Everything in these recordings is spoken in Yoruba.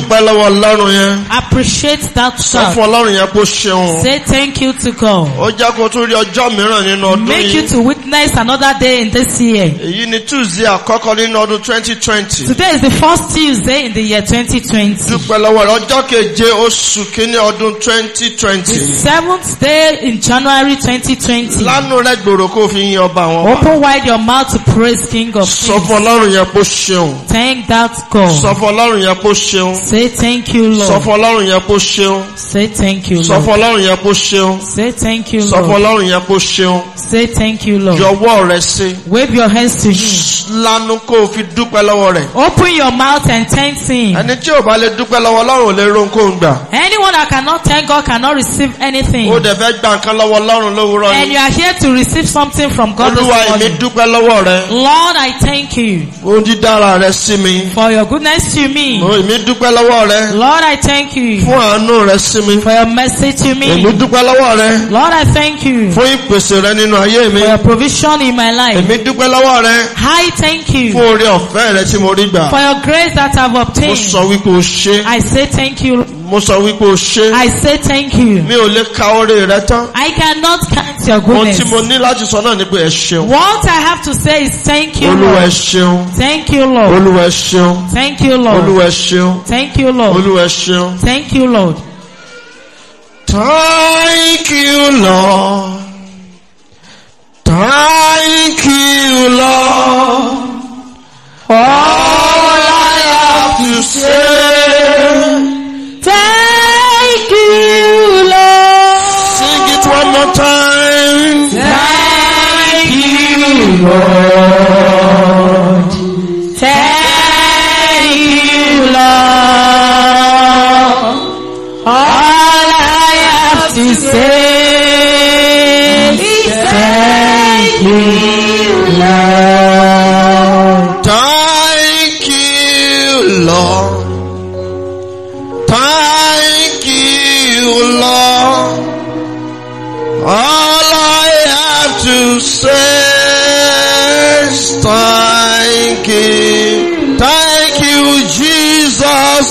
dúpẹ́ lọ́wọ́ ọlọ́run yẹn. appreciate that shout. wọ́n fún ọlọ́run yẹn kó ṣeun. say thank you to God. ó jẹ́ kó tún rí ọjọ́ mìíràn nínú ọdún yìí. make you to witness another day in this year. èyí ni tuesday àkọ́kọ́ nínú ọdún twenty twenty. today is the first tuesday in the year twenty twenty. dúpẹ́ lọ́wọ́ rẹ̀ ọjọ́ keje oṣù kínní ọdún twenty twenty. the seventh day in January twenty twenty. lánàá rẹ gbòòrò kó fi yin ọba àwọn. open wide your mouth to praise king of kings. sọ fún ọlọ́run yẹn kó ṣeun. thank that God. sọ fún ọlọ́run yẹn kó ṣeun. Say thank you Lord. Sọ fún Ọlọ́run yẹn kó ṣeun. Say thank you Lord. Sọ fún Ọlọ́run yẹn kó ṣeun. Say thank you Lord. Sọ fún Ọlọ́run yẹn kó ṣeun. Say thank you Lord. Yọwọ́ rẹ sí. Wave your hands to him. Lanu kó o fi dúpẹ́ lọ́wọ́ rẹ̀. Open your mouth and thank him. Ẹni tí ò bá lè dúpẹ́ lọ́wọ́ Ọlọ́run ò lè ro nǹkan gbà. Anyone that cannot thank God cannot receive anything. Ó dẹ̀ gba nǹkan lọ́wọ́ Ọlọ́run lówùúrọ̀ yìí. And you are here to receive something from God this morning. Olúwa èmi dúpẹ́ lọ́wọ́ rẹ. Lord I thank you. Ó dídára rẹ sí mi. For your goodness to me. Èmi dúpẹ́ lọ́wọ́ lọ́wọ́ rẹ. Lord, I thank you. Fún àánú rẹ sí mi. For your mercy to me. Èmi dúpẹ́ lọ́wọ́ rẹ. Lord, I thank you. Fún ìpèsè rẹ nínú ayé mi. For your provision in my life. Èmi dúpẹ́ lọ́wọ́ rẹ. I thank you. Fún oore ọ̀fẹ́ rẹ tí mo rí gbà. For your grace that I have obtained. Mo sọ wípé o ṣé. I say thank you. Mo sọ wípé o ṣé. I say thank you. Mi ò lè ka oore rẹ tán. I cannot count your goodness. Ohun tí mo ní láti sọ náà ni pé ẹ ṣeun. What I have to say is thank you Lord. Olúwa ẹ ṣeun. Thank you Lord. Olúwa ẹ ṣeun. Thank you Lord. Olúwa ẹ ṣeun. Thank you Lord. Olúwa ẹ ṣeun. Thank you Lord. Thank you Lord. Thank you Lord. All I have to say. Thank you, Lord. Sing it one more time. Thank you, Lord.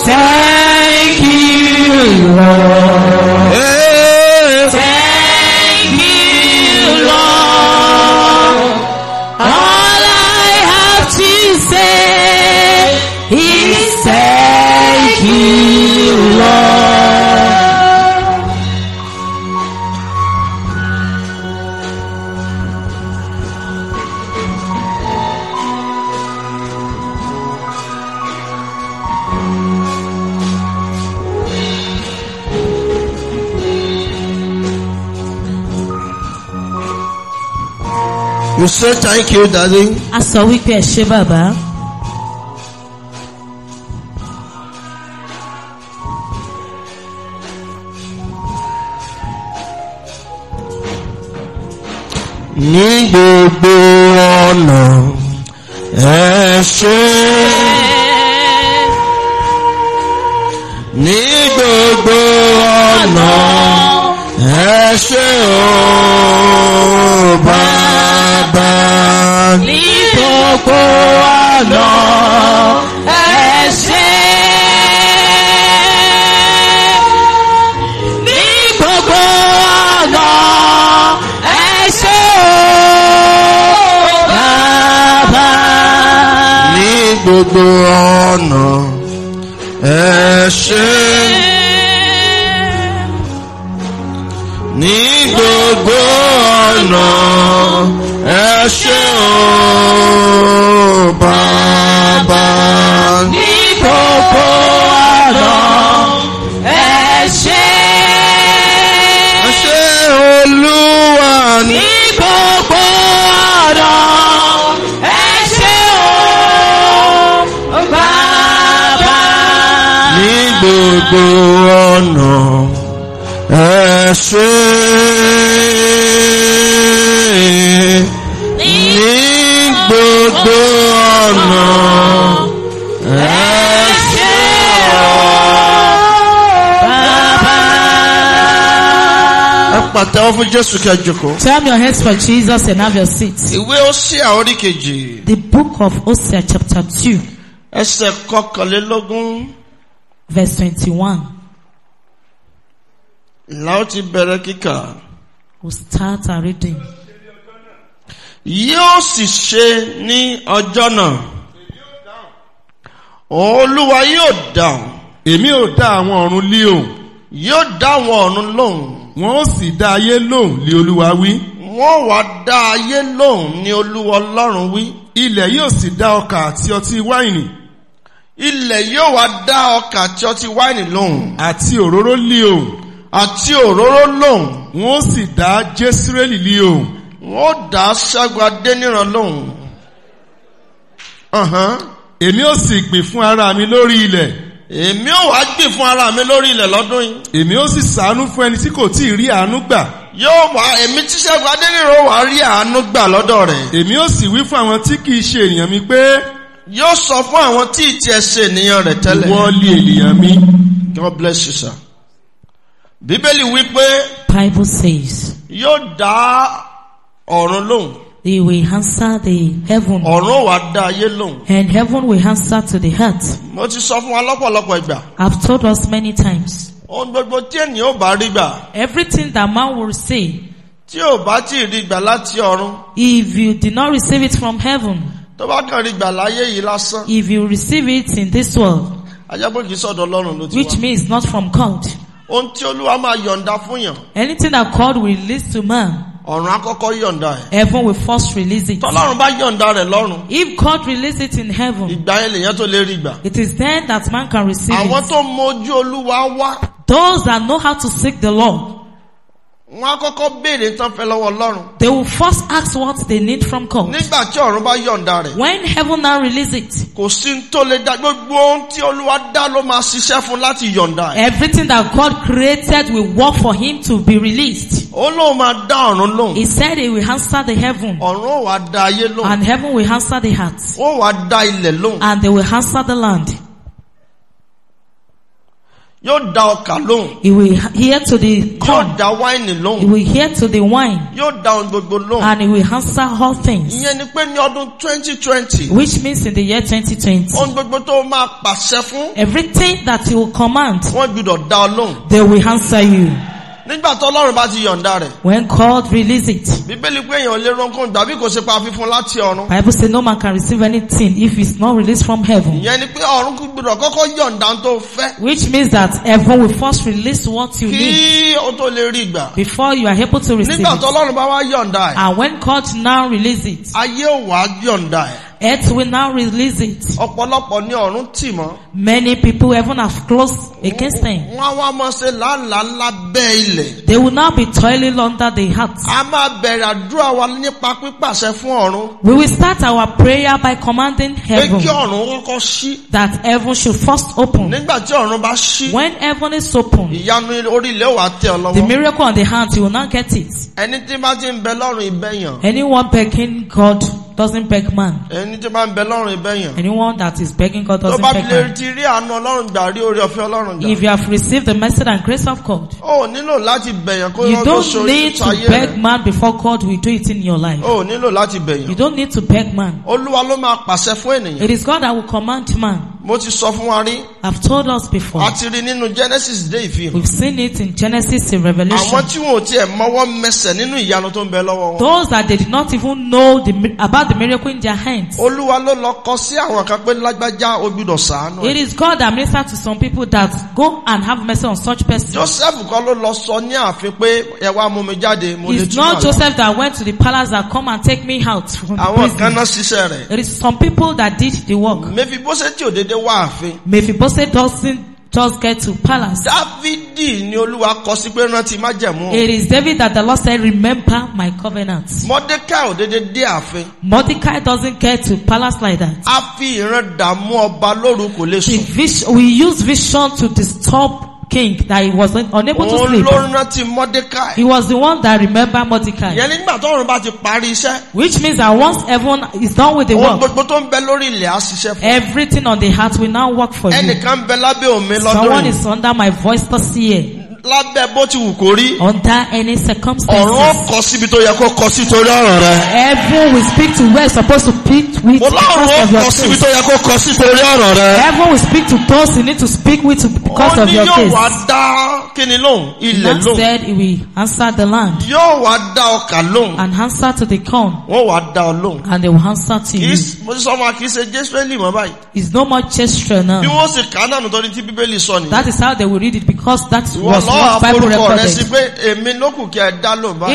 Thank you, Lord. will say thank you daddy. a sọ wípé ẹ ṣé bàbá. ní gbogbo ọ̀nà ẹ ṣé. ní gbogbo ọ̀nà ẹ ṣé o bàbá ní gbogbo àná ẹ ṣé. gbogbo ọ̀nà ẹ ṣé Jésù kí ẹ Turn your heads for Jesus and have your seats. Ìwé Ósíà orí kejì. The book of Hosea chapter two. Ẹsẹ̀ kọkànlélógún. Verse twenty-one. Làá ti bẹ̀rẹ̀ kíkà. We start our reading. Yóò sì ṣe ní ọjọ́ náà. Olúwa yóò dáhùn. Èmi ò dá àwọn ọ̀run lé òun. Yóò dá àwọn ọ̀run lóhùn Wọ́n ó sì dá ayé lóhùn lé Olúwa wí. Wọ́n wá dá ayé lóhùn ní Olúwa Ọlọ́run wí. Ilẹ̀ yóò sì dá ọkà àti ọtí wáìnì. Ilẹ̀ yóò wá dá ọkà àti ọtí wáìnì lóhùn. Àti òróró lé òhùn. Àti òróró lóhùn. Wọ́n ó sì dá Jésírẹ́lì lé òhùn. Wọ́n ó dá Ṣẹ́gun Adéníran lóhùn. Èmi ó sì gbìn fún ara mi lórí ilẹ̀ èmi ò wá gbìn fún ara mi lórí ilẹ̀ lọ́dún yìí. èmi ò sì sàánú fún ẹni tí kò tí ì rí àánú gbà. yóò wá èmi tí Ṣẹ́gun Adéníran wàá rí àánú gbà lọ́dọ̀ rẹ̀. èmi ò sì wí fún àwọn tí kì í ṣe ènìyàn mi pé. yóò sọ fún àwọn tí ì tiẹ̀ ṣe ènìyàn rẹ̀ tẹ́lẹ̀. wọ́n lé ènìyàn mi. God bless you sir. bíbélì wí pé. Bible says. yóò dá ọ̀run lóhùn. They will answer the heaven. Ọ̀run wà dá ayé lóhùn. And heaven will answer to the heart. Mo ti sọ fún wa lọ́pọ̀lọpọ̀ ìgbà. I've told us many times. Ohun gbogbo tí ènìyàn ò bá rí gbà. Everything that man will say. Tí ò bá tí ì rí gbà láti ọ̀run. If you did not receive it from heaven. Tó bá kàn rí gbà láyé yìí lásán. If you receive it in this world. Ajábọ̀ kìí sọ̀dọ̀ Ọlọ́run ló ti wá. Which means not from God. Ohun tí Olúwa máa yọ̀ǹda fún yàn. Anything that God will release to man ọ̀run akọ́kọ́ yọ̀ǹda ẹ̀. heaven will first release it. tọ́lọ́run bá yọ̀ǹda rẹ̀ lọ́run. if God release it in heaven. ìgbà yẹn lèyàn tó lè rí gbà. it is then that man can receive it. àwọn tó mọ ojú Olúwa wá. those that know how to seek the Lord wọ́n á kọ́kọ́ béèrè tán fẹ́ lọ́wọ́ Ọlọ́run. they will first ask what they need from God. nígbà tí ọ̀run bá yọ̀ǹda rẹ̀. when heaven now release it. kò sí ní tó lè dá gbogbo ohun tí Olúwa dá ló máa ṣiṣẹ́ fún láti yọ̀ǹda everything that God created will work for him to be released. ó lóun máa dá ọ̀run lóhùn. he said he will answer the heaven. ọ̀run ó wàá dá ayé lóhùn. and heaven will answer the heart. ó wàá dá ilẹ̀ lóhùn. and they will answer the land. Yóò da ọkà lóhùn. He will hear to the corn. Yóò da wáìnì lóhùn. He will hear to the wine. Yóò da ohun gbogbo lóhùn. And he will answer all things. Ìyẹn ni pé ní ọdún twenty twenty. Which means in the year twenty twenty. Ohun gbogbo tó o máa pàṣẹ fún. Everything that you command. Wọ́n gbọ́dọ̀ dá ọ lóhùn. They will answer you nígbà tó ọlọ́run bá ti yọ̀ǹda rẹ̀. when called, release it. bíbélì pé èèyàn lè ran kóhùn tàbí kò ṣe pa fífún láti ọ̀run. Bible say no man can receive anything if it's not released from heaven. ìyẹn ni pé ọ̀run gbọ́dọ̀ kọ́kọ́ yọ̀ǹda tó fẹ́. which means that heaven will first release what you need. kí o tó lè rí gbà. before you are able to receive it. nígbà tó ọlọ́run bá wá yọ̀ǹda ẹ̀. and when called, now release it. ayé ò wá yọ̀ǹda ẹ̀. Earth will now release it. ọ̀pọ̀lọpọ̀ ni ọ̀run tì mọ́. Many people even have closed against them. They will now be toiling under the heart. We will start our prayer by commanding heaven. That heaven should first open. When heaven is open. The miracle on the hands you will not get it. Anyone begging God doesn't beg man. Anyone that is begging God doesn't beg man rí àánú ọlọ́run gbà rí orí ọ̀fẹ́ ọlọ́run gbà. if you have received the message and grace of God. o nílò láti bẹ̀yàn kó lọ́dún ṣoṣo ayé rẹ. you don't need to beg man before God will do it in your life. o nílò láti bẹ̀yàn. you don't need to beg man. olúwa ló máa pàṣẹ fún ènìyàn. it is God that will command man. Mo ti sọ fún wa rí. I've told us before. A ti rí nínú Genesis dé ìfihàn. We've seen it in Genesis in Revelation. Àwọn tí wọn ò tiẹ̀ mọ́wọ́ mẹsẹ̀ nínú ìyanu tó ń bẹ lọ́wọ́ wọn. Those that they did not even know the, about the miracle in their hands. Olúwa ló lọ kọ sí àwọn kan pé lágbájá o gbúdọ̀ ṣàánú. It is God that minister to some people that go and have mercy on such persons. Joseph kan ló lọ sọ ní ààfin pé ẹ wá mú mi jáde mo lè tún àlọ́. It's not Joseph that went to the palace that come and take me out from the prison. Àwọn kan náà ṣiṣẹ́ rẹ̀. It is some people that did the work. Mẹ́fibóṣẹ́ tí ò wá àfin. Mephibosheth doesn't just get to palace. Dávidi ni Olúwa kọ sí pé rántí májẹ̀mú. It is David that the Lord said remember my covenant. Mordecai ò dédé dé ààfin. Mordecai doesn't get to palace like that. A fi ìran dààmú ọba lóru kò lè sùn. We use vision to disturb king that he was unable to sleep. Òun ló rántí Mordecai. He was the one that remembered Mordecai. Yẹn nígbà tó òun bá ti parí iṣẹ́. Which means that once everyone is done with the work. Ohun gbogbo tó ń bẹ lórí ilẹ̀ á ṣiṣẹ́ fún. Everything on the heart will now work for you. Ẹnìkan bẹ lábẹ́ òun mi lọ́dún. Someone is under my voice this year lábẹ́ bó ti wù kó rí. under any circumstances. ọ̀rọ̀ kọ síbi tó yẹ kó kọ sí torí ọ̀rọ̀ rẹ. heaven will speak to where it's supposed to speak with because of your truth. mo láwọn kọ síbi tó yẹ kó kọ sí torí ọ̀rọ̀ rẹ. heaven will speak to those you need to speak with because of your case. ó ní yóò wá dá kíni lóhùn ilẹ̀ lóhùn. God said he will answer the land. yóò wá dá ọkà lóhùn. and answer to the corn. wọ́n wá dá ọ lóhùn. and they will answer to you. mo ti sọ ma kì í ṣe Jésùrẹ́lì mọ́ báyìí. it's no more gesture now. bí wọ́n ṣe kà á náà that is how they will read it because that It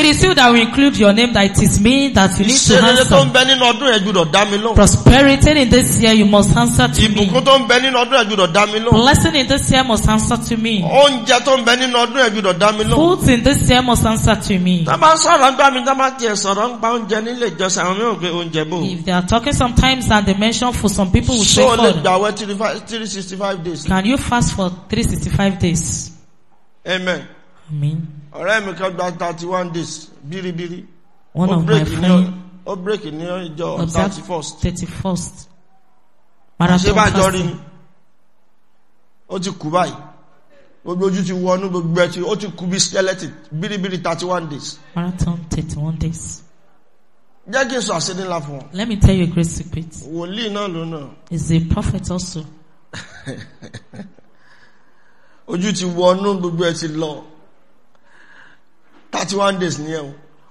is you that will include your name that it is me that you need to answer. Prosperity in this year you must answer to me. Blessing in this year must answer to me. Food in this year must answer to me. If they are talking sometimes and they mention for some people who say, Can you fast for 365 days? amen. amen. ọ̀rẹ́ mi kan gba thirty one days biribiri. One of my friends. ó break ní ọjọ́ thirty first. thirty first. marathon fasting. àṣebàjọ́ rí ni ó ti kú báyìí gbogbo ojú ti wọnú gbogbo ẹ ti ó ti kú bí skeleton biribiri thirty one days. marathon thirty one days. jẹ́ kí n sọ àṣírí ńlá fún ọ. let me tell you a great secret. wòlíì náà ló náà. is a prophet also. ojú ti wọnú gbogbo ẹ ti lọ thirty one days ni ẹ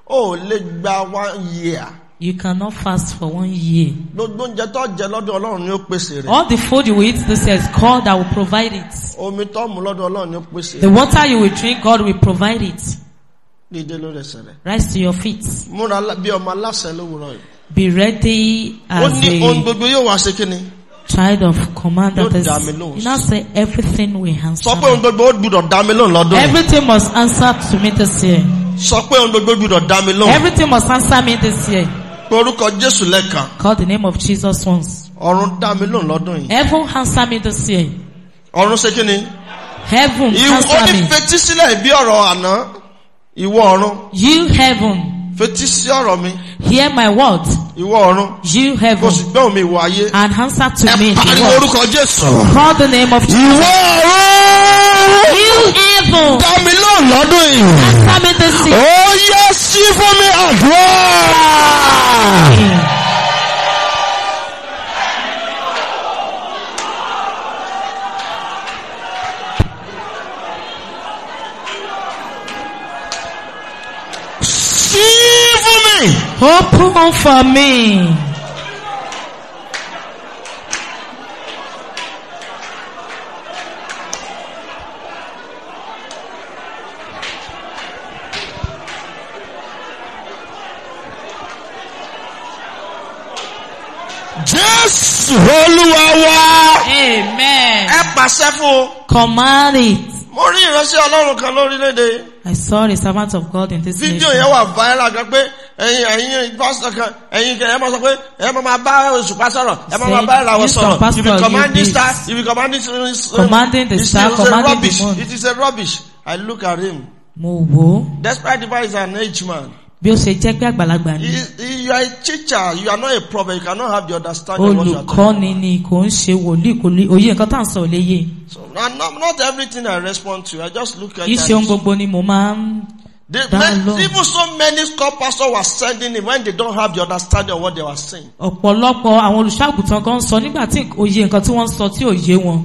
o ò lè gba one year. You cannot fast for one year. Gbogbo oúnjẹ tó jẹ lọ́dọ̀ Ọlọ́run ni ó pèsè rẹ̀. All the food you eat this year is God that will provide it. Omi tó mu lọ́dọ̀ Ọlọ́run ni ó pèsè The water you will drink, God will provide it. Dídé lórí ẹsẹ̀ rẹ̀. Rise to your feet. Múra bí ọmọ aláṣẹ lówùrọ̀ yìí. Be ready as a. Ó ní ohun gbogbo yóò wá ṣe kí child of command that is you now say everything we answer. sọ pé ohun gbogbo ó gbúdọ̀ dá mi lóhùn lọ́dún. everything must answer to me this year. sọ pé ohun gbogbo ó gbúdọ̀ dá mi lóhùn. everything must answer me this year. orúkọ Jésù lẹ́ẹ̀kan. call the name of Jesus once. ọ̀run dá mi lóhùn lọ́dún yìí. heaven answer me this year. ọ̀run ṣe kí ni. heaven answer me. ìwọ ní fetísílẹ̀ bí ọ̀rọ̀ àná ìwọ ọ̀run. you heaven. Fetí sí ọ̀rọ̀ mi. Hear my words. Ìwọ ọ̀run. You heaven. Kò sì gbọ́ mi ìwọ ayé. And answer to me Ẹ pariwo orúkọ Jésù. Call the name of Jesus. Ìwọ ọ̀run. You heaven. Dá mi lóhùn lọ́dún yìí. Answer me this year. Ó yẹ sí fún mi àdúrà. mine. Oh, Open for me. Jésù Olúwa wá. Amen. Ẹ pàṣẹ fún. Command it. Mo rí ìránṣẹ́ Ọlọ́run kan lórílẹ̀‐èdè. I saw the servant of God in this Video nation. Fídíò yẹn wà viral gan pé ẹ̀yin ẹ̀yin pásítọ̀ kan ẹ̀yin kẹ ẹ máa sọ pé ẹ máa máa bá òṣùpá sọ̀rọ̀ ẹ máa máa bá ìràwọ̀ sọ̀rọ̀ if you command this star if you command this uh, commanding the star commanding the moon it is a rubbish I look at him. mo wo. despite the fact he is an age man. bí ó ṣe jẹ́ pé àgbàlagbà ni. you are a teacher you are not a prophet you cannot have the understanding of what you are talking about. olùkọ́ni ni kò ń ṣe wòlíì kò lè òye nǹkan tá à ń sọ ò lè yé. so na not, not everything I respond to I just look at. iṣẹ́ ohun gbogbo ni mo máa ń The, men, even so many school pastors were sending him when they don't have the understanding of what they were saying. Ọ̀pọ̀lọpọ̀ àwọn olùṣọ́àgùtàn kan sọ nígbà tí òye nǹkan tí wọ́n sọ tí ò yé wọn.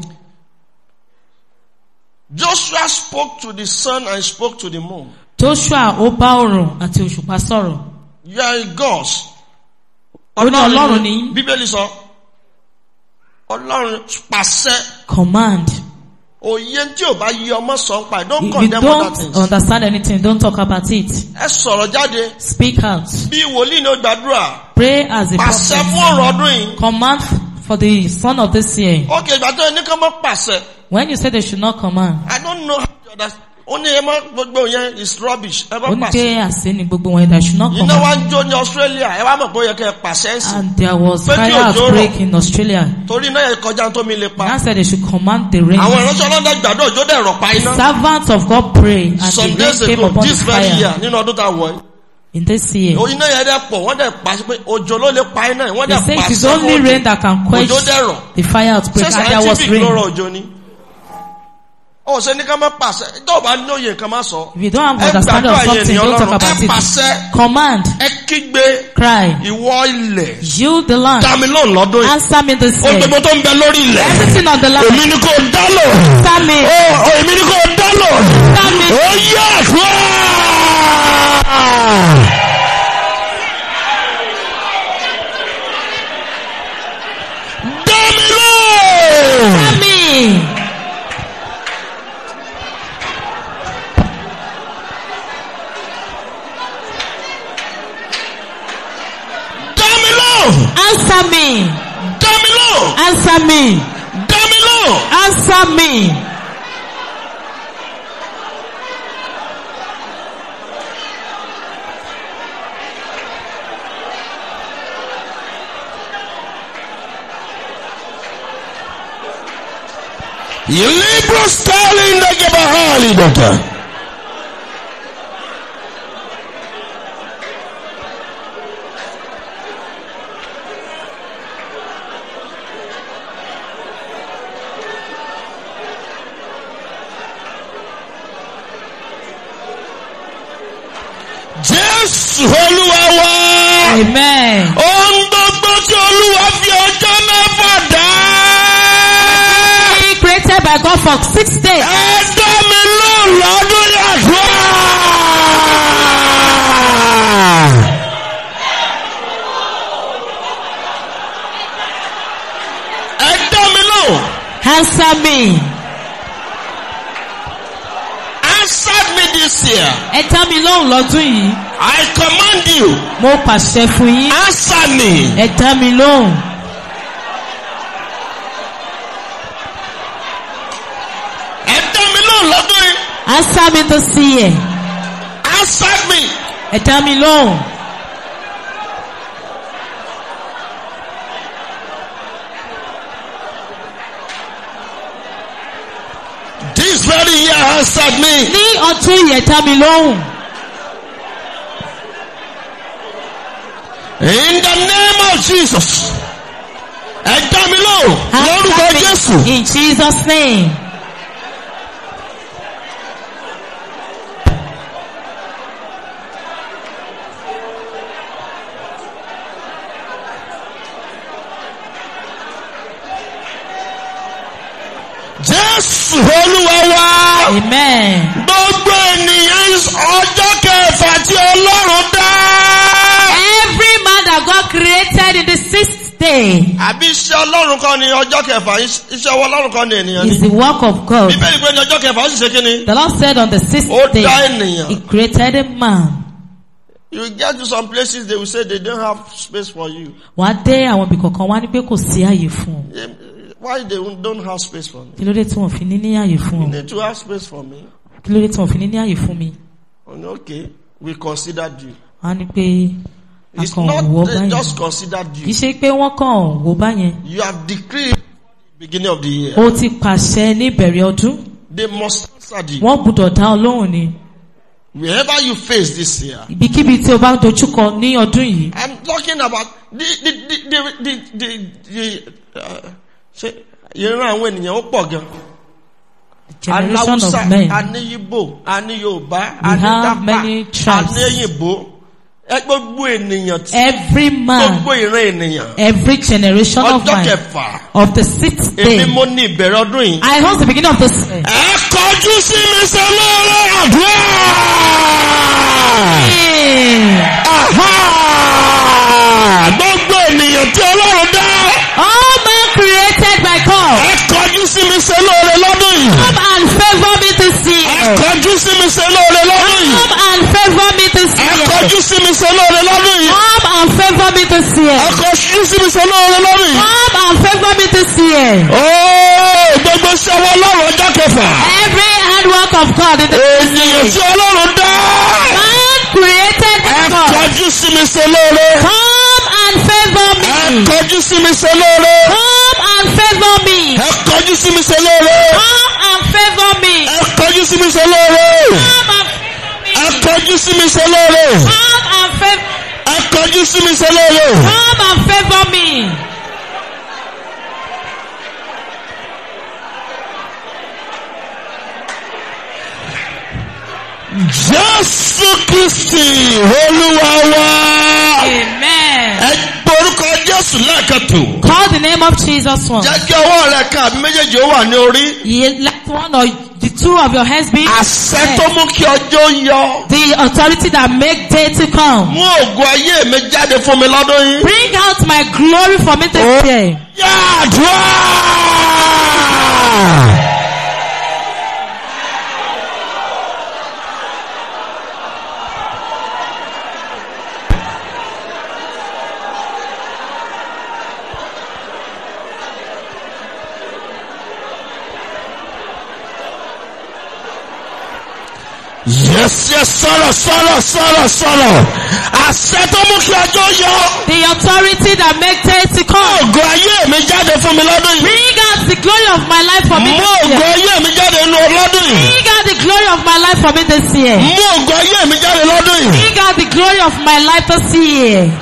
Joshua spoke to the sun and spoke to the moon. Joshua ó bá òrùn àti òṣùpá sọ̀rọ̀. You are in gods. Ọlọ́run Ọlọ́run ni. Bíbélì sọ. Ọlọ́run pàṣẹ. Command òye tí ò bá yí ọmọ sọ pa it don't condemn other things. you don't understand anything don't talk about it. ẹ sọ̀rọ̀ jáde. speak out. bí wòlíì ní o gbàdúrà. pray as a prophet. pàṣẹ fún ọ̀rọ̀ ọdún yìí. command for the son of this year. okay ìgbà tó ní kí wọ́n pàṣẹ. when you say they should not command. I don't know how to understand ó ní ẹ má gbogbo yẹn is rubbish ẹ má pàṣẹ. ó jẹ́ àṣẹ ni gbogbo wọn ẹ̀dá ṣùgbọ́n kan. iná wa ń jó ní Australia ẹ wá mọ̀ pé ó yẹ kẹ́ ẹ pàṣẹ sí. and there was fire outbreak in Australia. torí iná yẹn kọjá tó mi lè pa. now said they should command the rain. àwọn ìránṣẹ́ ọlọ́dẹ gbàdúrà òjò dẹ̀ rọ̀ pa iná. servants of God pray and the rain came upon the fire. this very year nínú ọdún tá a wọ̀ in this year. oyin náà yẹ dẹ pọ wọn dẹ pàṣẹ pé òjò ló lè pa iná wọn dẹ pàṣẹ fún òjò òjò dẹrọ. the fire outbreak and there was rain ó ṣe ní ká má if you don't have understanding of something don't talk about it. command cry Yield the land answer me this year. everything on the land answer me o answer me o yẹ fún Answer me. Dá mi lóhùn. Answer me. Dá mi lóhùn. Answer me. Libros telling the Gebahali daughter. tuntun yìí. I command you. Mo pàṣẹ fún yín. Answer me. Ẹ dá mi lóhùn. Ẹ dá mi lóhùn lọ́dún yìí. Answer me tó sí yẹ. Answer me. Ẹ dá mi lóhùn. This very year answered me. Ní ọdún yẹn dá mi lóhùn. In the name of Jesus. In Jesus name. Amen. day. Àbí iṣẹ́ Ọlọ́run kan ni ọjọ́ kẹfà, iṣẹ́ ọwọ́ Ọlọ́run kan ni ènìyàn ni. It's the work of God. Bíbélì pé ní ọjọ́ kẹfà ó sì ṣe kí ni. The Lord said on the sixth day. Ó dá ènìyàn. He created a man. You get to some places they will say they don't have space for you. Wà á dé àwọn ibì kankan wá ní pé kò sí àyè fún ọ. Why they don't have space for me? Kí ló dé tí wọ́n fi ní ní àyè fún ọ? You need to have space for me. Kí ló dé tí wọ́n fi ní ní àyè fún mi? Okay, we considered you. Wọ́n á ní pé. It's not they just considered you. Kì ṣe pé wọ́n kàn wò báyẹn. You have decreed the beginning of the year. O ti pàṣẹ ní ọdún. They must answer you. Wọ́n gbúdọ̀ dá ọ ni. Wherever you face this year. Ibikíbi tí o bá dojúkọ ní ọdún yìí. I'm talking about the the the the the the uh, ṣe ìran àwọn ènìyàn ó pọ̀ gan. Generation of men. A ní Ibo, a ní Yorùbá, a ní Dapa, Gbogbo ènìyàn tí. Every man. Gbogbo ìran ènìyàn. Every generation of man. Ọjọ́ kẹfà. Of the sixth day. Èmi mo ní ìbẹ̀rẹ̀ ọdún yìí. I host the beginning of this. Ẹ kọjú sí mi sọ lọ́rọ̀ àdúrà. Gbogbo ènìyàn tí Ọlọ́run dá. All men created by God. Ẹ kọjú sí mi sọ lọ́rọ̀ lọ́dún yìí. Come and favour me this year. Akọjú sí mi ṣe lóore lọ́dún yìí. Come and favour me this year. Akọjú sí mi ṣe lóore lọ́dún yìí. Come and favour me this year. Akọjú sí mi ṣe lóore lọ́dún yìí. Come and favour me this year. Ooo gbogbo ṣe wọ lọ́rùn ọjọ́ kẹfà. Every hard work of God in the ministry. Ènìyàn tí Ọlọ́run dá. Man created the God. Akọjú sí mi ṣe lóore. Come and favour me. Akọjú sí mi ṣe lóore. Come and favour me. Akọjú sí mi ṣe lóore. Come and favour me. ẹ kọjú sí mi sọlọ́rọ̀. come and favour me. ẹ kọjú sí mi sọlọ́rọ̀. come and favour. ẹ kọjú sí mi sọlọ́rọ̀. come and favour me. Jésù Kristi Olúwa Amen. Ẹ gborúkọ Jésù lẹ́ẹ̀kan tó. Call the name of Jesus one. Jẹ́ kí ọwọ́ rẹ kan àbí méjèèjì ó wà ní orí or the two of your husband. Àṣẹ tó mú kí ọjọ́ yọ. The authority that make day to come. Mú ògo ayé mi jáde fún mi lọ́dún yìí. Bring out my glory for me this oh, year. Ó yá yẹ sọ̀rọ̀ sọ̀rọ̀ sọ̀rọ̀ sọ̀rọ̀. Àṣẹ tó mú kí The authority that makes days to come. Ògo ayé me jáde for me lọ́dún oh, Bring out the glory of my life for me this year. Oh, ògo ayé mi jáde nínú lọ́dún Bring out the glory of my life for me this year. Oh, ògo ayé mi jáde lọ́dún yìí. Bring out the glory of my life this year.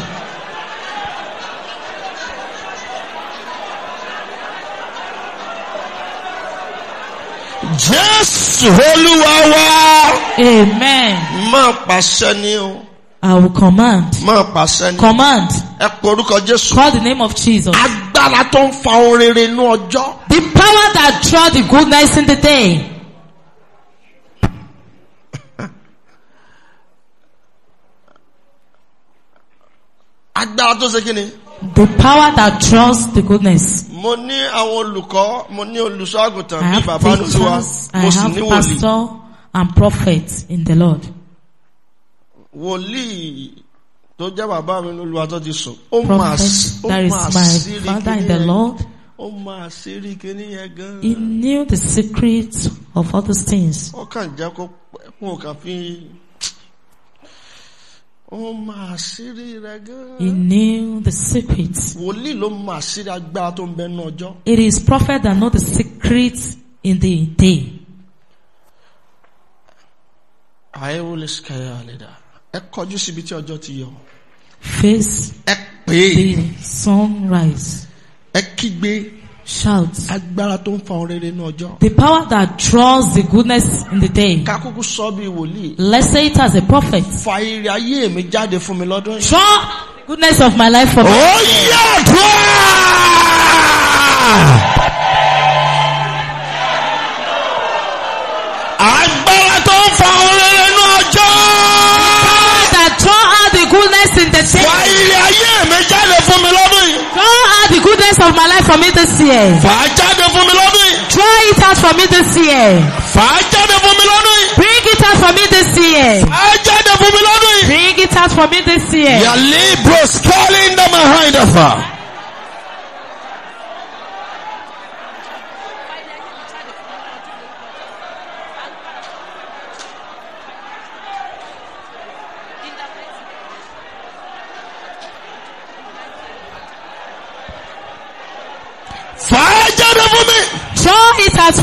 Jésù Olúwa wá. Amen. Máa pàṣẹ ni o. I will command. Máa pàṣẹ ni. Command. Ẹ pe orúkọ Jésù. Call the name of Jesus. Agbára tó ń fa ohun inú ọjọ́. The power that draw the goodness in the day. Agbára tó ṣe kí ni? The power that draws the goodness. Mo ní àwọn olùkọ́, mo ní olùṣọ́àgùtàn bí bàbá Olúwa, mo sì ní wòlíì. I have pastor and prophet in the Lord. Wòlíì tó jẹ́ bàbá mi lólúwa tó ti sùn. Ó máa sí rí kíní Ó máa gan. He knew the secret of all those things. jẹ́ kó ó máa ṣírí rẹ gan. he knew the secret. wòlíì ló máa ṣírí agbára tó ń bẹ ní ọjọ́. it is prophet that know the secret in the day. àìwọlé ṣìkàyà àlèdà ẹ kọjú síbi tí ọjọ́ ti yọ. face ẹ pè é. the sunrise. ẹ kígbe. Shout. Agbára tó ń fa ohun ní ọjọ́. The power that draws the goodness in the day. Kakuku sọ bí wòlíì. Let's say it as a prophet. Fa ire ayé mi jáde fún mi lọ́dún yìí. Draw goodness of my life for me. Oh yeah, dùn. Agbára tó ń fa ohun ní ọjọ́. The power that draw out the goodness in the day. Fa ire ayé mi jáde fún mi lọ́dún yìí goodness of my life for me this year. Fà á jáde fún mi lọ́dún yìí. it out for me this year. Fà á jáde fún mi lọ́dún Bring it out for me this year. Fà á jáde fún mi lọ́dún Bring it out for me this year. Yàlí bros calling ń dá máa hàn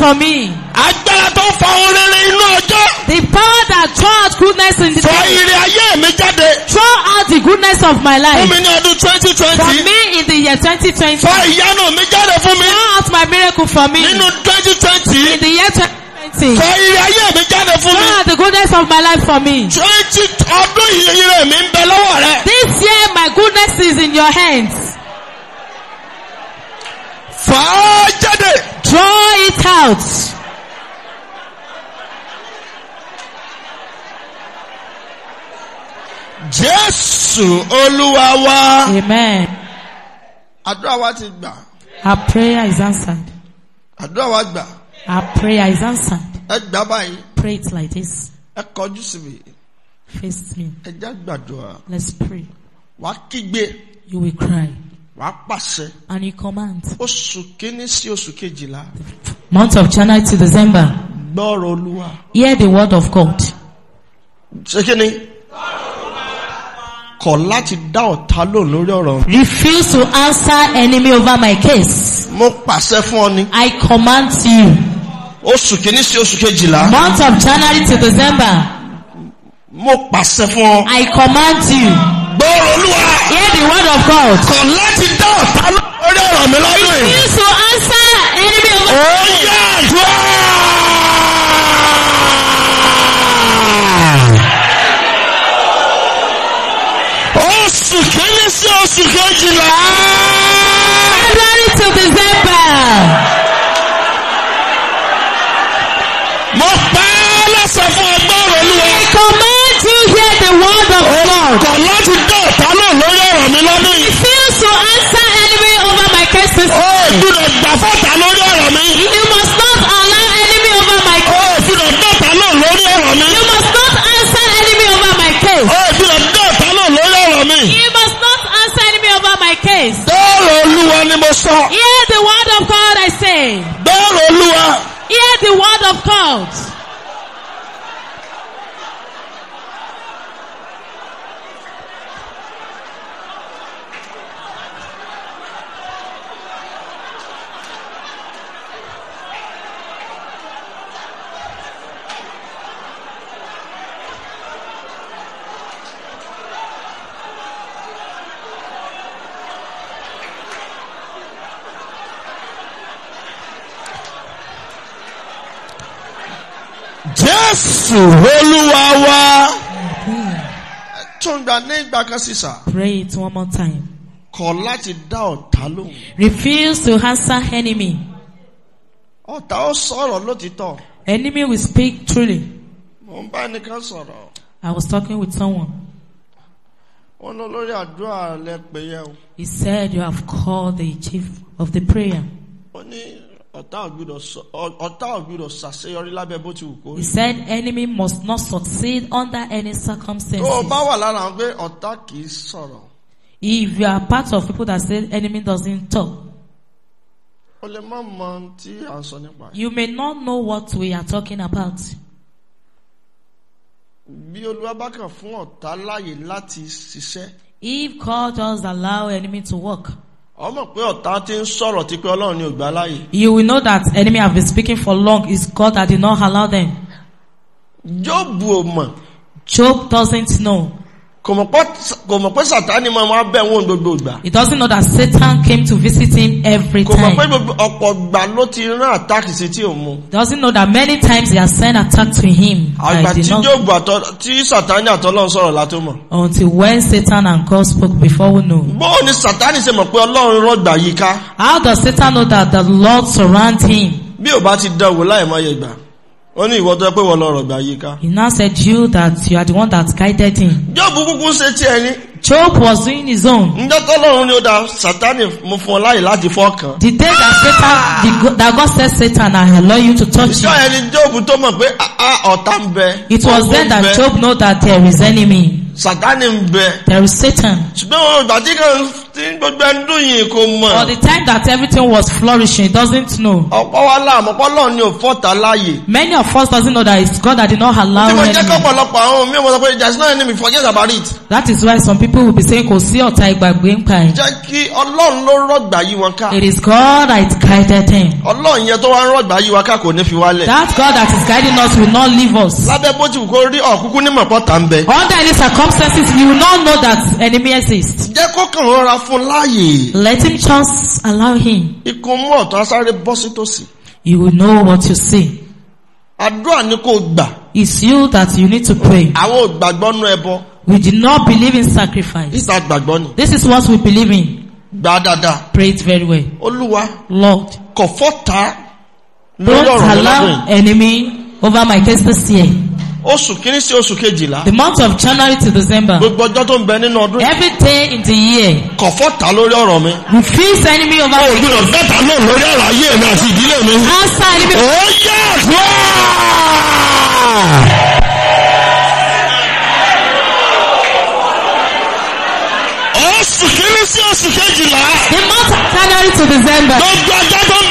for me. Agbára tó fa ohun inú ọjọ́. The power that draw out goodness in the day. Sọ ire ayé mi jáde. Draw out the goodness of my life. Fún mi ní ọdún twenty twenty. For me in the year twenty twenty. Sọ ìyanu mi jáde fún mi. Draw out my miracle for me. Nínú twenty twenty. In the year twenty Sọ ire ayé mi jáde fún mi. Draw out the goodness of my life for me. Twenty ọdún ire mi ń bẹ lọ́wọ́ rẹ. This year my goodness is in your hands. Fàá jáde. Draw it out. Jesu, Olúwa wá. Amen. Àdúrà wa ti gbà. Our prayer is answered. Àdúrà wa gbà. Our prayer is answered. Ẹ gbà báyìí. Pray it like this. Ẹ kọjú sí mi. Face me. Ẹ jẹ́ gbàdúrà. Let's pray. Wàá kígbe. You will cry wàá pàṣẹ. and you command. oṣù kínní sí oṣù kejìlá. month of January to December. gbọ́rọ̀ olúwa. hear the word of God. ṣé kí ni kọ̀ láti dá ọ̀tá lóhùn lórí ọ̀rọ̀. refuse to answer enemy over my case. mo pàṣẹ fún ọ ni. I command you. oṣù kìíní sí oṣù kejìlá. month of January to December. mo pàṣẹ fún ọ. I command you hear the word of God. kò láti down. ọ̀tá lórí ọ̀rọ̀ mi lọ́dún yìí. refuse to answer enemy of God. ó yá Oh, oṣù kẹ́lẹ́ sí oṣù kejìlá. February to December. Mo pa á lọ́sọ̀ fún ọgbọ́n I command you hear the word of God. Kọ̀ láti mo sọ. Hear the word of God I say. Gbọ́rọ̀ Olúwa. Hear the word of God. Jésù olúwa wá. tún gbà ní ìgbà kan sísà. Pray it one more time. Kọ̀ láti dá ọ̀tá lóhùn. Refuse to answer enemy. Ọ̀tá ó sọ̀rọ̀ lótìtọ́. Enemy will speak truly. Mo ń bá ẹnìkan sọ̀rọ̀. I was talking with someone. Wọ́n lọ lórí àdúrà lẹ́pẹ̀yẹ o. He said you have called the chief of the prayer. Ó ní ọ̀tá ò gbúdọ̀ lábẹ́ bó ti wù kó. he said enemy must not succeed under any circumstances. tó o bá wà lára wọn pé ọ̀tá kì í sọ̀rọ̀. if you are part of people that say enemy doesn't talk. o lè má mọ tí à sọ nípa. you may not know what we are talking about. bí Olúwa fún ọ̀tá láàyè láti ṣiṣẹ́. if God just allow enemy to work ọmọ pé ọ̀tá ti ń sọ̀rọ̀ ti pé ọlọ́run ní ògbà láàyè. you will know that enemy have been speaking for long is God that did not allow them. Job ò mọ̀. Job doesn't know kò mọ̀ pé sàtáni máa máa bẹ̀ wọ́n gbogbo ìgbà. he doesn't know that Satan came to visit him every time. kò mọ̀ pé gbogbo ọ̀pọ̀ ìgbà ló ti rán attack sí tí ò mú. doesn't know that many times he has sent attack to him. àgbà tí Job àtọ tí sàtáni àtọlọ́run sọ̀rọ̀ la mọ̀. until when Satan and God spoke before we know. bóò ni sàtáni ṣe mọ̀ pé Ọlọ́run rọ̀gbà yìí ká. how does Satan know that the Lord surround him. bí ò bá ti dán wò láì mọ̀ yẹ gbà ó ní ìwọ tó pé wọ́n lọ rọ̀gbà yìí ká. he now said to you that you are the one that guided him. Job kúkú ṣe tiẹ̀ ni. Job was doing his own. ǹjẹ́ tọ́lọ́run ni ó da Sátánì mo fún ọ láyè láti fọ́ kan. the day that Satan that God said Satan I allow you to touch him. ìṣọ́ ẹni Job tó mọ̀ pé ah, ah, ọ̀tá ń bẹ. it was then that Job know that there is enemy. Sàtánì ń bẹ. There is Satan. Ṣùgbọ́n wọn ìgbà tí kan tí gbogbo ẹni dùn yìí kò mọ̀. For the time that everything was flourishing, he doesn't know. Ọ̀pọ̀ wa láàmú, ọ̀pọ̀ ni ò fọ́ta láàyè. Many of us doesn't know that it's God that did not allow any. Tí mo jẹ́ kí àwọn mi ò sọ pé ìjà iná ẹni mi forget about it. That is why some people will be saying kò sí ọ̀tá ìgbàgbé ń pa ẹ̀. Jẹ́ kí Ọlọ́run ló rọ̀gbà yí wọn ká. It is God that guided him. Ọlọ́run yẹn tó wá ń rọ̀gbà yí wa ká kò ní fi wálẹ̀. That God that is guiding us will not leave us. Lábẹ́ bó ti kò rí ọ̀kúnkún ní mọ̀pọ̀ tà ń bẹ. Under any circumstances successes you will not know that enemy exists. Jẹ́ kó kàn rọra fún láàyè. Let him just allow him. Ikùn mú ọ̀tún asáré bọ́ sí tòsí. You will know what you see. Àdúrà ni kò gbà. It's you that you need to pray. Àwọn ò gbàgbọ́ nú ẹbọ. We do not believe in sacrifice. This àgbàgbọ́ ni. This is what we believe in. Gbà dáadáa. Pray it very well. Olúwa. Lord. Kò fọ́ta. Don't allow enemy over my case this year oṣù kìíní sí oṣù kejìlá. the month of January to December. gbogbo ọjọ́ tó ń bẹ nínú ọdún. every day in the year. kọ̀fọ́ ta lórí ọ̀rọ̀ mi. you feel enemy over. o gbọ́dọ̀ bẹ́tà náà lórí ọ̀rọ̀ ayé mi àti ìdílé mi. answer enemy. ó yẹ àdúrà. oṣù kìíní sí oṣù kejìlá. the month of January to December. gbogbo ọjọ́ tó ń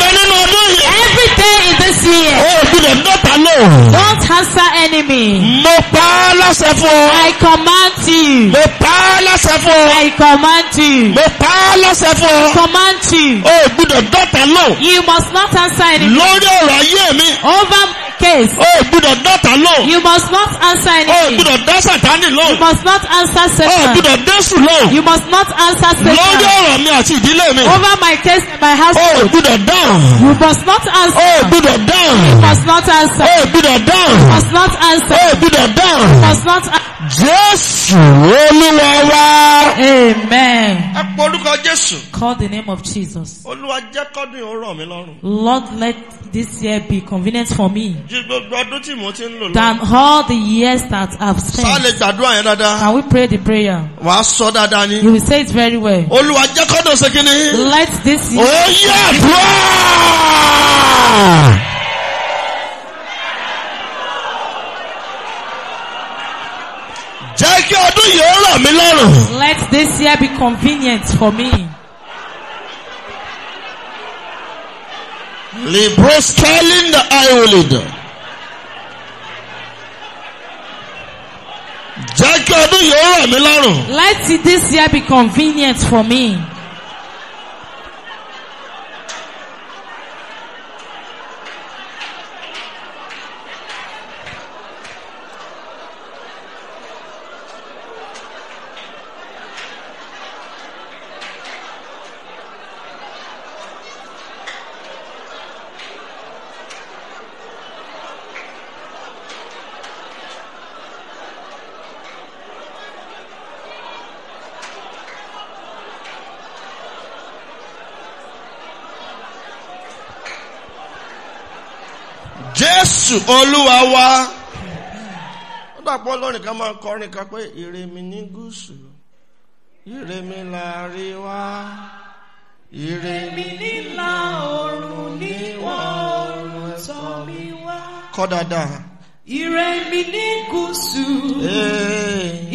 this year. oh, you are not alone. Don't answer enemy. Mo pa á láṣẹ I command you. Mo pa á láṣẹ I command you. Mo pa á láṣẹ fún ọ. Command you. O ò gbúdọ̀ dọ́ta lò. You must not answer enemy. Lord, ọ̀rọ̀ ayé mi. Over case. oh, gbúdọ̀ dọ́ta lóhùn. You must not answer oh, anything. oh, gbúdọ̀ dá Sàtánì lóhùn. You must not answer Satan. oh, gbúdọ̀ dẹ́sù lóhùn. You must not answer Satan. Lórí ọ̀rọ̀ mi àti ìdílé mi. Over my case and my oh, household. O gbúdọ̀ dáhùn. You must not answer. O gbúdọ̀ dáhùn. You must not answer. Oh, gbúdọ̀ dáhùn. You must not answer. O gbúdọ̀ dáhùn. You must not answer. Oh, Jésù Olúwa wá. Amen. Ẹ pọ orúkọ Jésù. Call the name of Jesus. Olúwa jẹ́ kọ́dún ó rọ̀ mí lọ́rùn. Lord let this year be convenient for me. Ju gbogbo ọdún tí mo ti ń lò lọ. Than all the years that I've spent. Ṣá lè gbàdúrà yẹn dáadáa? Can we pray the prayer? Wà á sọ dáadáa ni. You will say it very well. Olúwa jẹ́ kọ́dún ṣe kí ni. Let this year. Ó yẹ àdúrà. ọdún yìí ó mí lọ́rùn. Let this year be convenient for me. Librostaling the eyelid. Jẹ́ kí ọdún yìí ó mí lọ́rùn. Let this year be convenient for me. jésù olúwa wá. ó dàpọ̀ lónìí kan máa kọrin kan pé ire mi ní gúúsù ire mi là rí wá. ire mi nílà oòrùn níwọ̀ oòrùn tọ́ mi wá. kọ́ dáadáa. Ire mi ní gúúsù.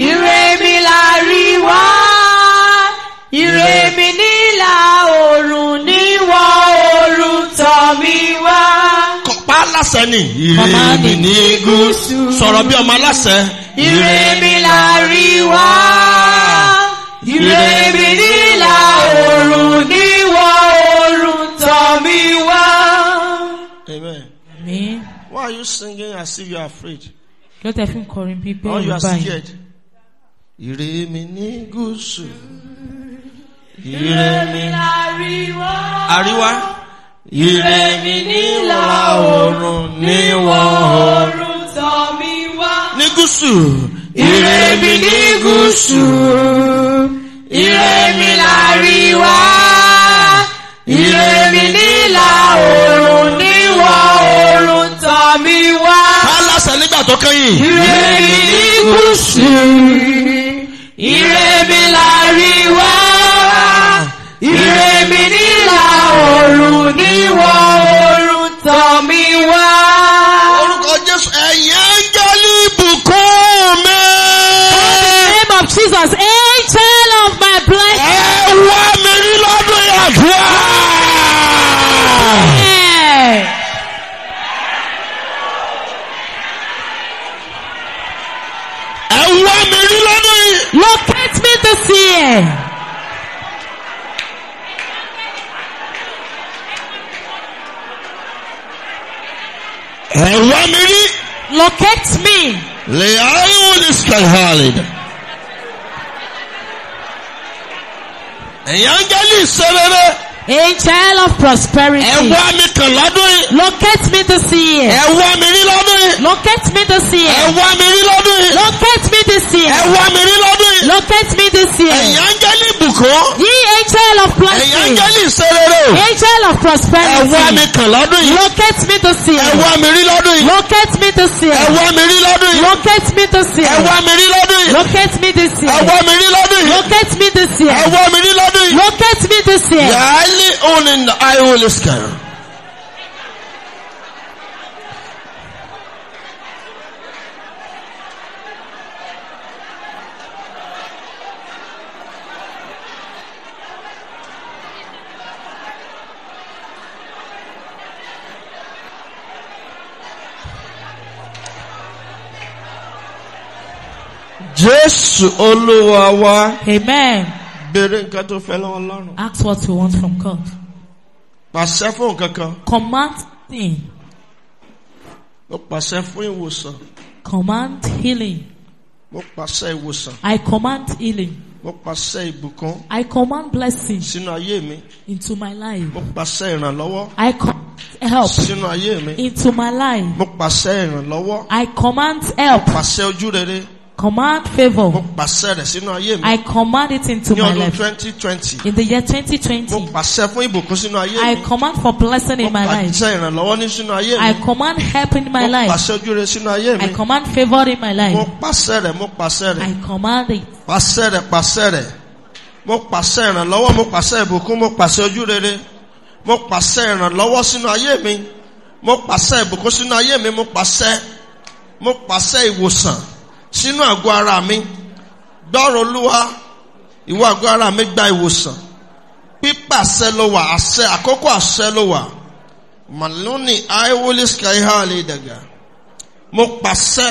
Ire mi là rí wá. Ire mi nílà oòrùn ní. aláṣẹ ni. Ire mi ní gúúsù. Sọ̀rọ̀ bí ọmọ aláṣẹ. Ire mi láríwá. Ire mi nílà oòrùn níwọ̀ oòrùn tọ̀ mi wá. Amen. Amen. Why are you singing as if you are afraid? Ló tẹ fi ń kọrin bíi pé òun báyìí. Ire mi ní gúúsù. Ire mi ní àríwá. Àríwá. Ire mi nílà oòrùn níwọ̀ oòrùn tọ̀ mi wá. Ní gúúsù. Ire mi ní gúúsù. Ire mi láríwá. Ire mi nílà oòrùn níwọ̀ oòrùn tọ̀ mi wá. Ká lásẹ̀ nígbà tó kẹ́yìn. Ire mi ní gúúsù. Ire mi láríwá. Ire mi. the name of Jesus, angel of my blessing. Locate me this year. Ẹ Locate me. Le استيهالد. The angel is Angel of prosperity. Ẹ wá mi kàn lọ́dún yìí. Locate me this year. Ẹ wá mi rí lọ́dún yìí. Locate me this year. Ẹ wá mi rí lọ́dún yìí. Locate me this year. Ẹ wá mi rí lọ́dún yìí. Locate me this year. Ẹ̀yin áńgẹ́lì bùkún. Yí angel of blessing. Ẹ̀yin áńgẹ́lì ìṣerere Angel of prosperity. Ẹ wá mi kàn lọ́dún yìí. Locate me this year. Ẹ wá mi rí lọ́dún yìí. Locate me this year. Ẹ wá mi rí lọ́dún yìí. Locate me this year. Ẹ wá mi rí lọ́dún yìí. Locate me this year. Ẹ wá mi rí lọ́dún yìí. Locate me this year. Ẹ wá mi rí lọ́dún yìí. Locate me this year. Yàrá only owning the eye hole is Amen. béèrè nǹkan tó fẹ́ lọ́wọ́ Ọlọ́run. ask what you want from God. pàṣẹ fún nǹkan kan. command thing. mo pàṣẹ fún ìwòsàn. command healing. mo pàṣẹ ìwòsàn. I command healing. Mo pàṣẹ ìbùkún. I command blessing. Sínú ayé mi. Into my life. Mo pàṣẹ ìrànlọ́wọ́. I command help. Sínú ayé mi. Into my life. Mo pàṣẹ ìrànlọ́wọ́. I command help. Mo pàṣẹ ojú rere command favor. I command it into my life. in the year 2020. I command for blessing in my life. I command help in my life. I command favor in my life. I command it. pàṣẹ rẹ̀ mo pàṣẹ ìrànlọ́wọ́ mo pàṣẹ ìbùkún mo pàṣẹ ojúrere. mo pàṣẹ ìrànlọ́wọ́ sínú ayé mi. mo pàṣẹ ìbùkún sínú ayé mi mo pàṣẹ mo pàṣẹ ìwòsàn sínú àgọ́ ara mi gbọ́rọ̀ olúwa ìwọ àgọ́ ara mi gba ìwòsàn pípàṣẹ ló wà àṣẹ àkókò àṣẹ ló wà màlúùnì àìwọlé skyha lè dàgbà mo pàṣẹ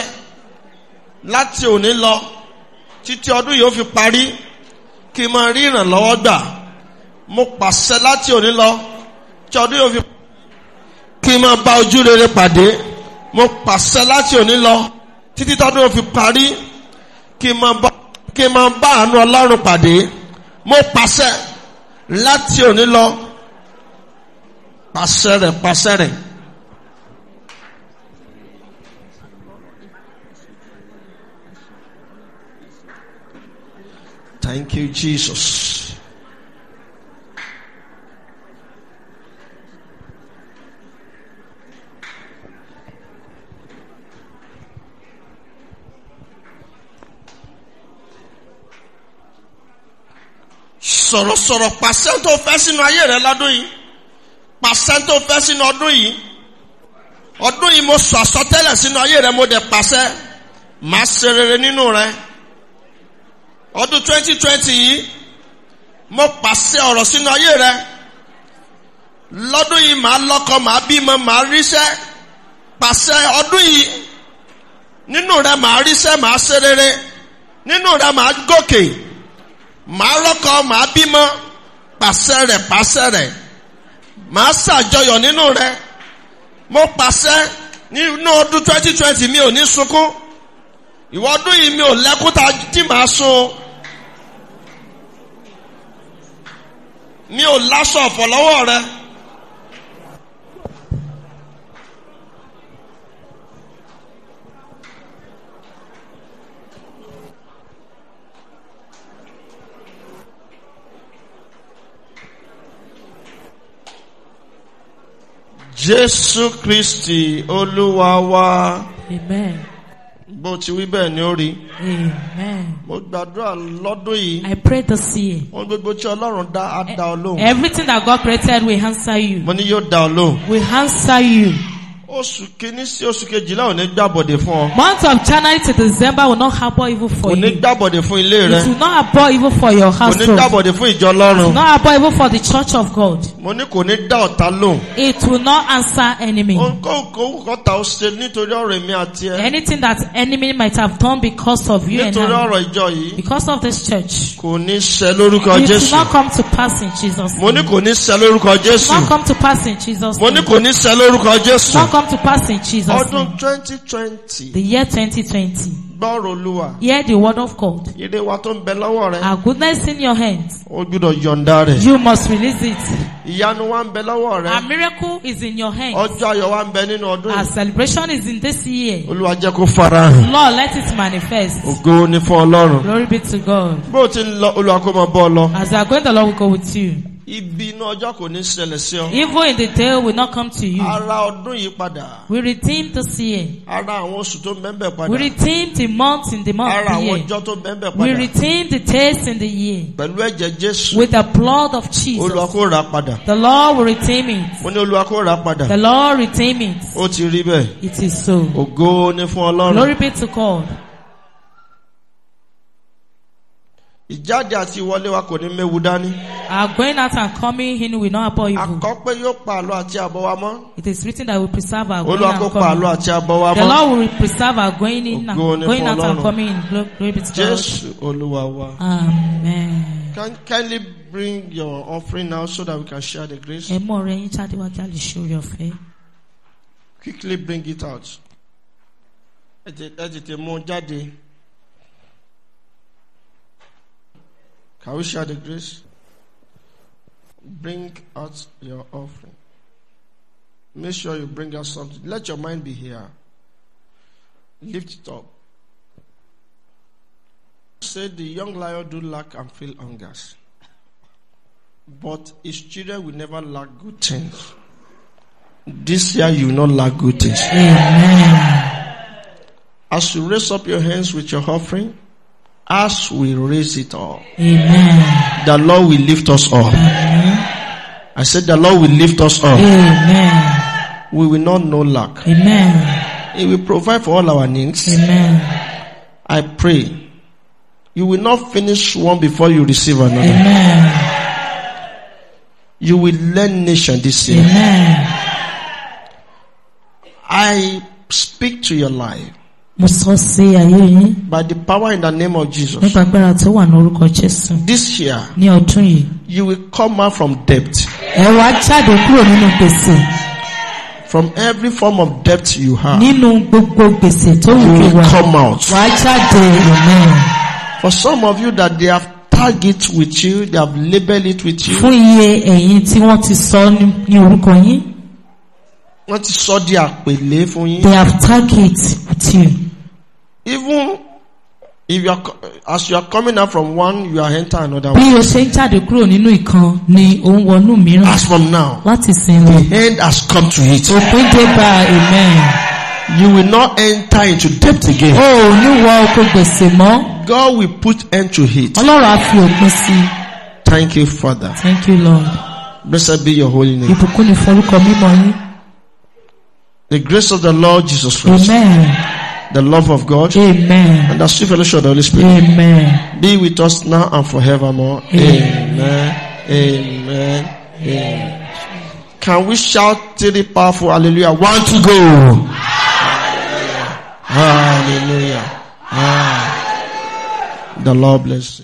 láti òní lọ títí ọdún yìí ó fi parí kí n máa rí ìrànlọ́wọ́ gbà mo pàṣẹ láti òní lọ títí ọdún yìí ó fi kí n máa bá ojú rere pàdé mo pàṣẹ láti òní lọ. títí tọ́dún fi parí kí n máa bá àánú ọlọ́run pàdé mo pàṣẹ láti òní lọ pàṣẹ rẹ̀ pàṣẹ rẹ̀. Thank you, Jesus. sọ̀rọ̀sọ̀rọ̀ pàṣẹ tó fẹ́ sínú ayé rẹ lọ́dún yìí pàṣẹ tó fẹ́ sínú ọdún yìí ọdún yìí mo sọ àsọtẹ́lẹ̀ sínú ayé rẹ mo dẹ̀ pàṣẹ màá ṣe rere nínú rẹ ọdún twenty twenty yìí mo pàṣẹ ọ̀rọ̀ sínú ayé rẹ lọ́dún yìí màá lọ́kọ màá bímọ màá ríṣẹ́ pàṣẹ ọdún yìí nínú rẹ màá ríṣẹ́ màá ṣe rere nínú rẹ màá gòkè màá lọ́kọ màá bímọ pàṣẹ rẹ̀ pàṣẹ rẹ̀ màá ṣàjọyọ̀ nínú rẹ̀ mo pàṣẹ nínú ọdún twenty twenty mi ò ní sunkún ìwọ ọdún yìí mi ò lẹ́kún tá a dì máa sun mi ò láṣọ ọ̀fọ̀ lọ́wọ́ rẹ̀. Jésù Kristi Olúwa wa. Amen. Bó ti wí bẹ́ẹ̀ ni ó rí. Amen. Mo gbàdúrà lọ́dún yìí. I pray this year. Ohun gbogbo tí Ọlọ́run dá á dá ọ lóhùn. Everything that God created will answer you. Mo ní yóò dá ọ lóhùn. Will answer you. Oṣù kìíní sí oṣù kejìlá ò ní gbàbọ̀dé fún ọ. Month of January to December will not harbor even for you. Kò ní gbàbọ̀dé fún ilé rẹ. It will not harbor even for your household. Kò ní gbàbọ̀dé fún ìjọ Ọlọ́run. It will not harbor even for the church of God. Mo ní kò ní dá ọ̀tá lóhùn. It will not answer enemy. Ohunkóhun kọ́ta ó ṣe nítorí ọ̀rọ̀ èmi àti ẹ. Anything that enemy might have done because of you and I. Nítorí ọ̀rọ̀ ìjọ yìí. Because of this church. Kò ní ṣẹ lórúkọ Jésù. It will not come to pass in Jesus' name. Mo ní kò ní ṣẹ lórúkọ Jésù. It will not come to pass in Jesus' name. Mo ní kò ní ṣẹ lórúkọ Jésù come to pass in Jesus' name. Ọdún twenty The year 2020. twenty. Gbọ́rọ̀ Olúwa. Hear the word of God. Ìdè wa tó ń bẹ lọ́wọ́ rẹ. Our goodness in your hands. O gbúdọ̀ yọ̀ǹda rẹ̀. You must release it. Ìyanu wa ń bẹ lọ́wọ́ rẹ. A miracle is in your hands. Ọjọ́ ayọ̀ wa ń bẹ nínú ọdún yìí. Our celebration is in this year. Olúwa jẹ́ kó farahàn. Lord let it manifest. Ògo ni fún Ọlọ́run. Glory be to God. Bó o ti ń lọ, Olúwa kó máa bọ́ ọ lọ. As I go going the Lord will go with you. Ibi inú ọjọ́ kò ní ṣẹlẹ̀ sí ọ. Evil in the day will not come to you. Ara ọdún yìí padà. We retain the year. Ara àwọn oṣù tó mẹ́mbẹ̀ padà. We retain the month in the month of Ara àwọn ọjọ́ tó mẹ́mbẹ̀ padà. We retain the days in the year. Pẹ̀lú ẹ̀jẹ̀ Jésù. With the blood of Jesus. Olúwa padà. The Lord will retain it. Mo ní Olúwa padà. The Lord retain it. Ó ti rí bẹ́ẹ̀. It is so. Ògo ni fún Ọlọ́run. Glory be to God. ìjáde àti ìwọlé wa kò ní méwu dání. our going out and coming in We know about you. àkọ́pẹ́ yóò pa àti àbọ̀ wa mọ́. it is written that we preserve our going out and coming. olùwàkó pa àlọ́ àti àbọ̀ wa mọ́. the lord will preserve our going in and going out and coming in glory be to God. jésù olúwa wa. amen. can kindly bring your offering now so that we can share the grace. ẹ mọ ọrẹ yín jáde wá kí a lè ṣe quickly bring it out. ẹ tètè mú jáde. Can we share the grace? Bring out your offering. Make sure you bring out something. Let your mind be here. Lift it up. Say the young lion do lack and feel hunger, but his children will never lack good things. This year you will not lack good things. Amen. As you raise up your hands with your offering, as we raise it up, Amen. the Lord will lift us up. Amen. I said the Lord will lift us up. Amen. We will not know lack. Amen. He will provide for all our needs. Amen. I pray you will not finish one before you receive another. Amen. You will learn nation this year. Amen. I speak to your life Mo sọ sí ayé yín. By the power in the name of Jesus. Nípa agbára tó wà ní Jésù. This year. Ní ọdún yìí. You will come out from debt. Ẹ wá jáde kúrò nínú gbèsè. From every form of debt you have. Nínú gbogbo gbèsè tó wù kí wà. You will come out. Wà á jáde ìrọ̀mẹ́rin. For some of you that they have tag with you, they have labelled it with you. Fún iye ẹ̀yin tí wọ́n ti sọ ní orúkọ yín. Wọ́n ti sọ di àpèlé fún yín. They have tag with you even if you are as you are coming out from one you are enter another one. bí o ṣe ń jáde kúrò nínú ìkan ni ó ń wọnú mìíràn. as from now láti sin lọ. the end has come to it. òpin dé bá amen. You will not enter into debt again. O ò ní wọ oko gbèsè mọ́. God will put end to it. Ọlọ́run á fi òpin sí Thank you, Father. Thank you, Lord. Blessed be your holy name. Ìbùkún ni forúkọ mímọ́ yín. The grace of the Lord Jesus Christ. Amen. the love of God, Amen. and the sweet fellowship of the Holy Spirit, Amen. Be with us now and forevermore, Amen. Amen. Amen. Can we shout till the powerful hallelujah? One to go. Hallelujah. Hallelujah. hallelujah. The Lord bless you.